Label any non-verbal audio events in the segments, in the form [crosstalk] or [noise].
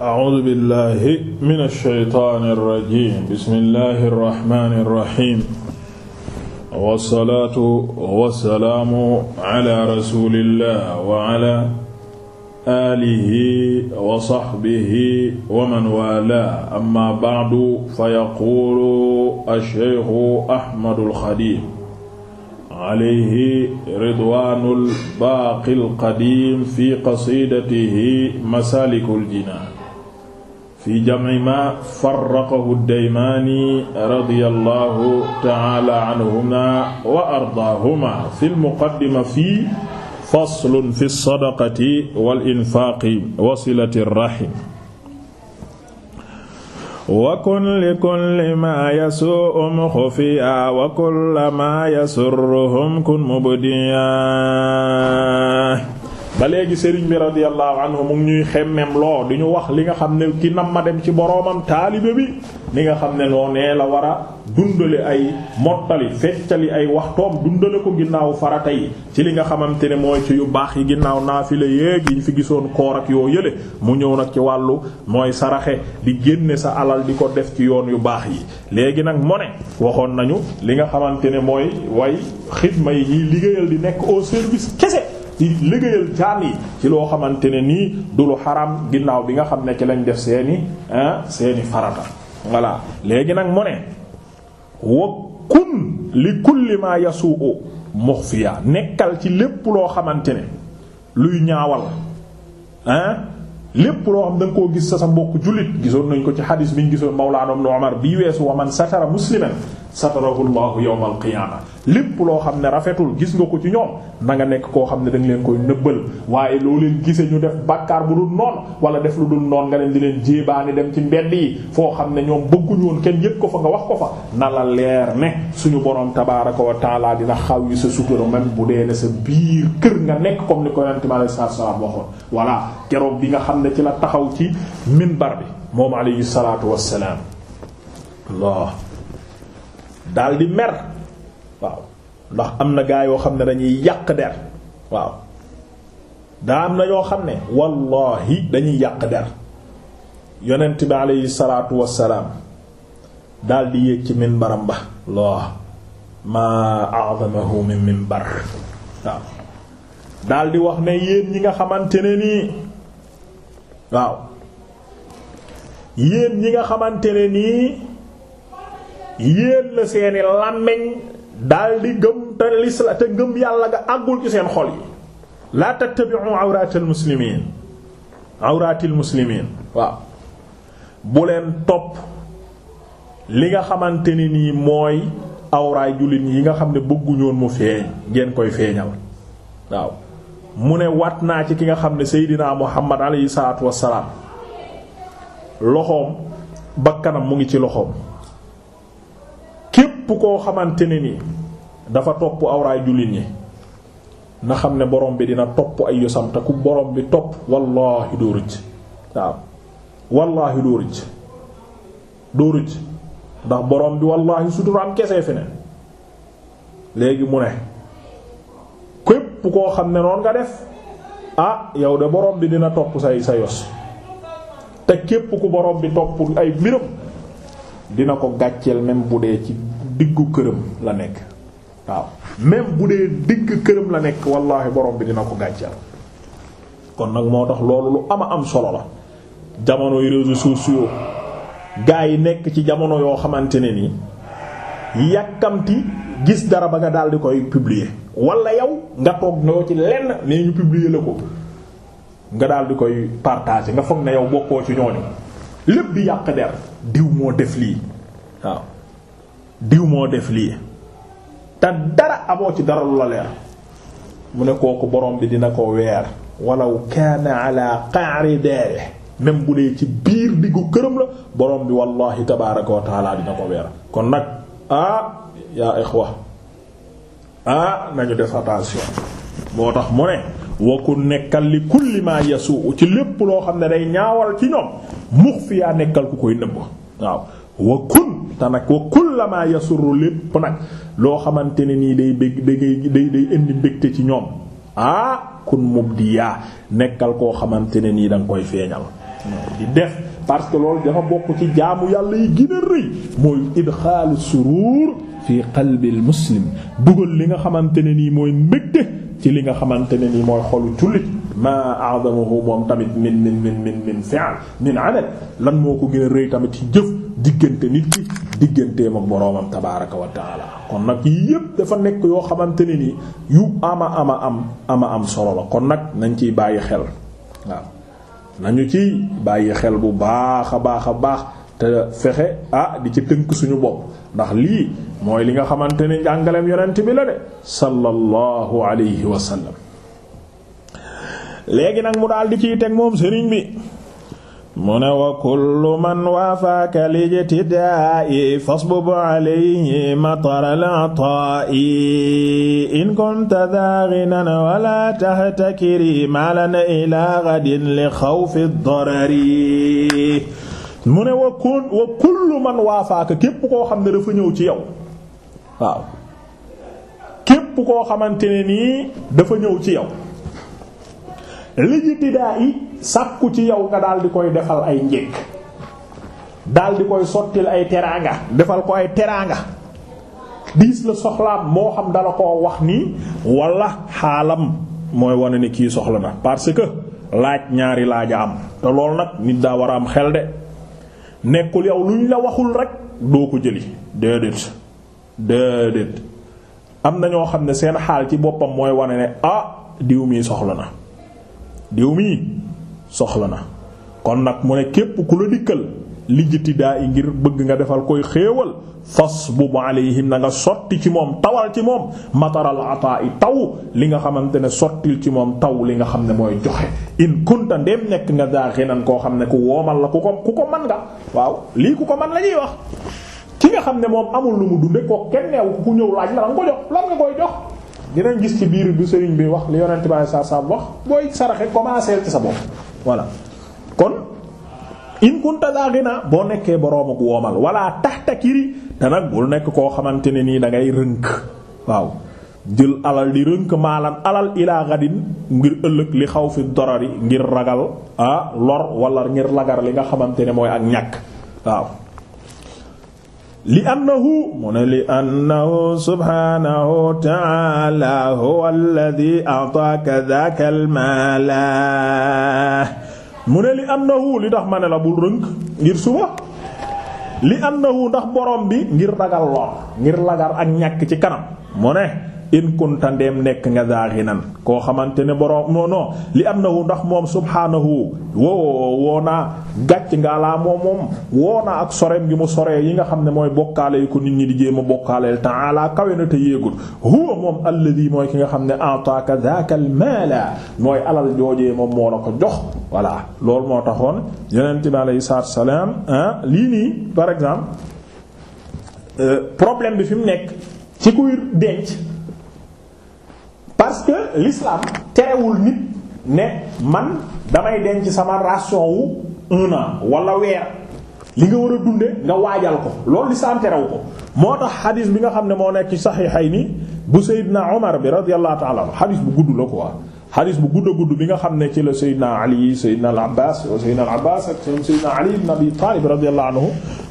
a'uudu billahi mina shaytaani rajiim bismillahi rahmaani rahiim wasalaatu wasalaamu ala rasulillah wa ala aalihi wa saxbihi wa man waalaahu amma ba'du fa yaquulu ash-shaykhu Ahmadul Xadiim alayhi ridwaanul baaqil qadiim fi qasiidatihi masaalikul jinaan fi jam'i ma farraqahu daymaani radiyallahu ta'ala anhuma wa ardaahuma fil muqaddima fii faslun fi sadaqati wal infaaqi wa silati rahim wa kun li kulli ma yasu'um khufiya wa kulla ma yasurruhum kun mubdiya ba léegi sëriñ bi radiyallahu anhu mu ngi ñuy xemmem loo di ñu wax li nga xam ne ki nam ma dem ci boroomam taalibe bi li nga xam ne noo ne la war a dundale ay mottali feccali ay waxtoom dundale ko ginnaaw farata yi ci li nga xamante ne mooy ci yu baax yi ginnaaw naafile yéeg yi ñu fi gisoon koor ak yoo yële mu ñëw nag ci wàllu mooy saraxe di génne sa alal di ko def ci yoon yu baax yi léegi nag mo ne waxoon nañu li nga xamante ne mooy way xidma yi liggéeyal di nekk au service kese ci liggéeyal jaam yi ci loo xamante ne nii du lu xaram ginnaaw bi nga xam ne ci lañ def seeni seeni farata voilà léegi nag mu ne wa kun li kulli ma yasu'u mukhfiya nekkal ci lépp loo xamante ne luy ñaawal ah lépp loo xam da nga koo gis sa sa mbokk jullit gisoon nañ ko ci xadis bi ñu gisoon mawlaana Ibn Umar bii weesu wa man satara musliman satarahu llahu yawm al qiyaama lépp loo xam ne rafetul gis nga ko ci ñoom na nga nekk koo xam ne da leen koy nëbbal waaye loo leen gise ñu def bàkkaar bu dul noon wala def lu dul noon nga leen di leen jéebaani dem ci mbedd yi foo xam ne ñoom bëgguñu woon kenn yëg ko fa nga wax ko fa na la leer ne suñu borom tabaaraka wa taala dina xaw yi sa sutura même bu dee ne sa biir kër nga nekk comme ni ko yonent mi alayhi salaatu salaam waxoon voilà keroog bi nga xam ne ci la taxaw ci minbar bi moom alayhi salaatu wassalaam daal mer waaw ndax am na gaa yoo xam ne dañuy yàq der waaw daa am na yoo xam ne wallahi dañuy yàq der yonent bi aleyhi salaatu wassalaam daal di yéeg ci minbaram ba loo maa a'zamahu min waaw daal wax ne yéen ñi nga xamante ne nii waaw yéen ñi nga xamante ne nii yéen la seeni làmmeñ daldi gëm te lisla te gëm yàlla nga àggul ci seen xol yi la tattabi'u awratil muslimiin awratil muslimiin bu leen topp li nga xamante ni nii mooy awraay jullit yi nga xam ne bëgguñoon mu feeñ ngeen koy feeñal waaw mu ne wat naa ci ki nga xam ne seydinaa muhammad alayhi salaatu wassalaam loxoom kanam mu ngi ci loxoom képp koo xamante ne ni dafa topp awraay jullit yi na xam ne borom bi dina topp ay yosam te ku bi topp wallaahi doo rëcc waaw wallaahi doo rëcc doo rëcc ndax borom bi wallaahi kese fi léegi mu ne képp koo xam ne noonu nga def ah yow de borom bi dina topp say sa yos te képp ku borom bi topp ay mbiram dina ko gàcceel même bu dee ci diggu këram la nekk waaw même bu dee digg këram la nekk wallaahi borom bi dina ko gàcceel kon nag moo tax loolu lu ama am solo la jamono yu réseaux sociaux gaa yi nekk ci jamono yoo xamante ne ni yàkkamti gis dara ba nga daal di koy publier walla yow nga toog noo ci lenn nee ñu publier la ko nga dal di koy partager nga foog na yow bokkoo ci ñooñu lépp di yàq der diw moo def lii waaw. diw moo def lii te dara amoo ci dara lu la leer mu ne kooku borom bi dina ko weer walaw kaana ala qa'ri daare même bu dee ci biir diggu këram la borom bi wallahi tabaaraka wa dina ko weer kon nag ah yaa ixwa ah nañu def attention moo tax mu ne waku nekkal li kulli ma yasuu ci lépp loo xam ne day ñaawal ci ñoom mux fi yaa nekkal ku koy nëbb waaw wakun te nag wa kullamaa yasurru lépp nag loo xamante ne nii day bég day day indi mbégte ci ñoom ah kun mubdiya nekkal koo xamante ne nii da koy feeñal di def parce que loolu dafa bokk ci jaamu yàlla yi gën a rëy mooy idxaalu suruur fi qalbil muslim dugal li nga xamante ne nii mooy mbégte ci li nga xamante ne nii mooy xolu jullit maa a'zamuhu moom tamit min min min min min fi'l lan moo ko gën a rëy tamit ci jëf diggante nit ki digganteem ak boroomam tabaaraka wa taala kon nag yi yépp dafa nekk yoo xamante ne ni yu ama ama am ama am solo la kon nag nañ ciy bàyyi xel waaw nañu ciy bàyyi xel bu baax a baax a baax te fexe ah di ci tënk suñu bopp ndax lii mooy li nga xamante ne njàngaleem yonent bi la de sallallahu alayhi wa sallam léegi nag mu daal di ciy teg moom sëriñ bi. mu ne wa kullu man waafaaka lijtidaa'i fasbub alayhi mataral ataa'i in kunta daa ghinan wala tahtakiri maalan ilaa ghadin li xawfi darari mu ne wa kun wa kullu man waafaaka képp koo xam ne dafa ñëw ci yow waaw képp koo xamante ne nii dafa ñëw ci yow lijtidaa'i sàkku ci yow nga daal di koy defal ay njëkk daal di koy sottil ay teraanga defal ko ay teraanga diis la soxlaam moo xam dala ko wax nii walla xaalam mooy wane ne kii soxla na parce que laaj ñaari laaj am te loolu nag nit daa war a am xel de nekkul yow luñ la waxul rek doo ko jëli déedéet déedéet am na ñoo xam ne seen xaal ci boppam mooy wane ne ah diw mii soxla na diw mii soxla na kon nag mu ne képp ku la dikkal lijjiti daa i ngir bëgg nga defal koy xéewal fas bubu alayhim na nga sotti ci moom tawal ci moom mataral ataa i taw li nga xamante ne sottil ci moom taw li nga xam ne mooy joxe in kunta ndéem nekk nga daa xinan koo xam ne ku woomal la ku ko ku ko man nga waaw lii ku ko man la ñuy wax ki nga xam ne moom amul lu mu dunde koo kenn neew ku ñëw laaj la nga ko jox lan nga koy jox dinañ gis ci biir bi sëriñ bi wax li yonent bi sallallahu alayhi wasallam wax booy saraxe commencer ci sa bopp voilà kon in kunta daa ghina boo nekkee boroom ak tax wala tahtakiri te nag bul nekk koo xamante ne nii dangay rënk waaw jël alal di rënk maalan alal ilaa gadin ngir ëllëg li xaw fi dorari ngir ragal ah lor wala ngir lagar li nga xamante ne mooy ak ñàkk waaw li annahu mu ne li annahu subhaanahu ta'ala huwa alladhi a'taaka dhaaka al mu ne li annahu li tax ma ne la bul rënk ngir suba li annahu ndax borom bi ngir ragal lor ngir lagar ak ñàkk ci kanam mu ne in kunta ndeem nekk nga zaaxinan koo xamante ne borom non non li am na wu ndax moom subhaanahu woo woo naa gàcc nga laa moom moom woo naa ak soreem gi mu soree yi nga xam ne mooy bokkaale ko nit ñi di jéem a bokkaaleel ta'ala kawe na te yéegul huwa moom alladhi ki nga xam ne ataaka zaakal maala mooy alal joojee moom moo na ko jox voilà loolu moo taxoon yonent bi alayhi salaam ah, lii nii par exemple euh, problème bi fi mu nekk ci kuy denc. parce que l'islam terewul nit ne man damay denc sama ration wu walla weer li nga war a dunde nga waajal ko loolu lislaam terewu ko moo tax xadis bi nga xam ne moo nekk ci saxiixayni bu Seydina Omar bi radiyallahu ta'ala anhu xadis bu gudd la quoi xadis bu gudd a gudd bi nga xam ne ci la Seydina Ali Seydina al Abbas Seydina al Abbas ak Seydina Ali ibn Abi Talib radiyallahu anhu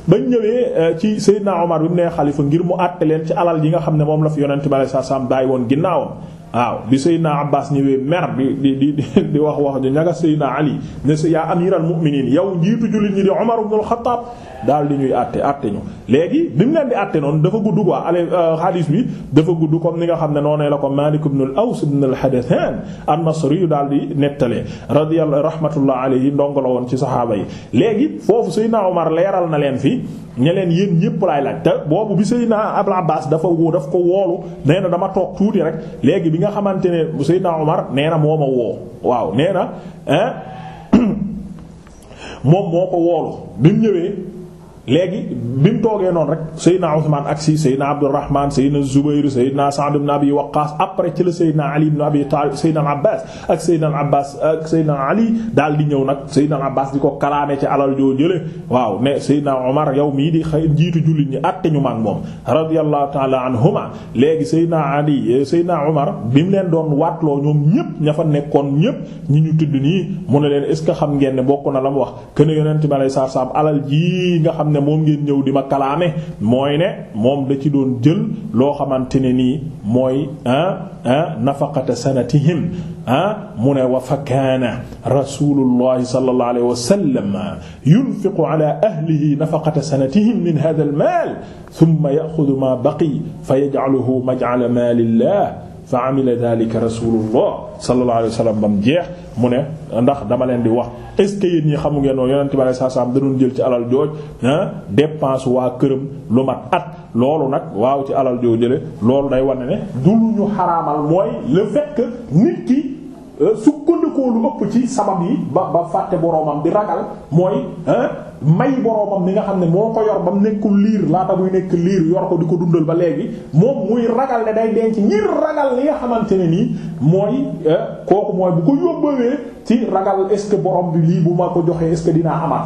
bañ ñëwee eh, ci Seydina Omar bi mu nee xalifa ngir mu àtte leen ci alal yi nga xam ne moom la fi yonente bi sallallahu alayhi wasallam woon ginnaawam waaw bi Seydina Abbas ñëwee mer di di di di wax wax ju ñaga Seydina Ali ne yaa amiral mu'minin yow njiitu jullit ñi di Umar ibn al-Khattab daal di ñuy àtte àtte ñu. léegi bi mu leen di àtte noonu dafa gudd quoi ale xadiis euh, bi dafa gudd comme ni nga xam ne noonee la ko Malik ibn al-Aws ibn al-Hadathan an-Nasri yu daal di nettalee radiyallahu rahmatullah yi ndongo la woon ci saxaaba yi. léegi foofu Seydina Umar leeral na leen fi ñe leen yéen ñëpp laay laaj te boobu bi Seydina Abul Abbas dafa woo daf ko woolu bi nga xamante ne Seydina Omar nee na moo ma woo waaw nee na [clears throat] moom moo ko woolu bi ñëwee léegi bi mu toogee noonu rek Seydina Ousmane aksi Seydina Abdourahman Seydina Zubayr Seydina Sa'd ibn Abi Waqqas après ci la Seydina Ali ibn Abi Talib Seydina Abbas ak Seydina Abbas ak Seydina Ali daal di nag Seydina Abbas ko kalaame ci alal joo jële waaw ne Seydina Omar yow mii di xëy njiitu jullit ñi àtte ñu mag moom radiyallahu ta'ala anhuma léegi Seydina Ali Seydina Omar bi mu leen doon waatloo ñoom ñépp ña fa nekkoon ñépp ñu tudd nii mu ne leen est ce que xam ngeen ne bokk la mu nga xam ne ne moom ngeen ñëw di ma kalaame mooy ne moom da ci doon jël loo xamante ne nii mooy nafaqata sanatihim ah mu ne wa fa kaana rasulullahi sallallahu alayhi wa sallam yunfiqu ala ahlihi nafaqata sanatihim min hadha al mal thumma ya'khudhu ma baqiya fa yaj'aluhu maj'ala malillah fa amila dhalika rasulullah sallallahu alayhi wa sallam bam jeex mu ne ndax dama leen di wax est ce que yéen xamu ngeen noonu yonent bi sallallahu alayhi wa sallam da doon jël ci alal jooj ah dépense waa këram lu ma at loolu nag waaw ci alal joo jële loolu day wane ne du lu ñu xaraamal mooy le fait que nit ki euh, sukkandikoo lu ëpp ci sabab yi ba ba fàtte boroomam di ragal mooy may boroomam mi nga xam ne moo ko yor ba mu nekkul liir laata muy nekk liir yor ko di ko dundal ba léegi moom muy ragal ne day denc ngir ragal li nga xamante ne nii mooy eh, kooku mooy bu ko yóbbawee ci ragal est-ce que borom bi lii bu ko joxee est-ce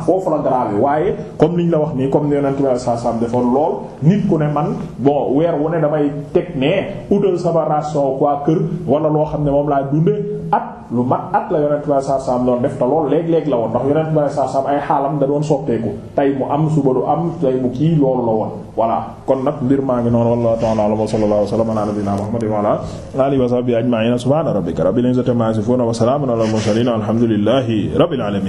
foofu la grave waaye comme niñ la wax nii comme ni yonent bi saa saam defoon lool nit ku ne man bon weer wu ne damay teg nee utal sama ration quoi kër wala loo xam ne moom laa dunde at lu mat at la yonent bi def te lool léeg-léeg la woon ndax yonent bi saa saam ay xaalam da doon sopp soppeeku tey mu am suba du am tey mu kii loolu la woon voilà kon nag mbir maa ngi noonu wallahu ta'ala a'lam wa sallallahu alayhi wa sallam wa ala alihi wa sahbihi ajma'in subhana rabbika rabbil izzati amma yasifun wa salamun ala al mursalin alhamdulillahi rabbil alamin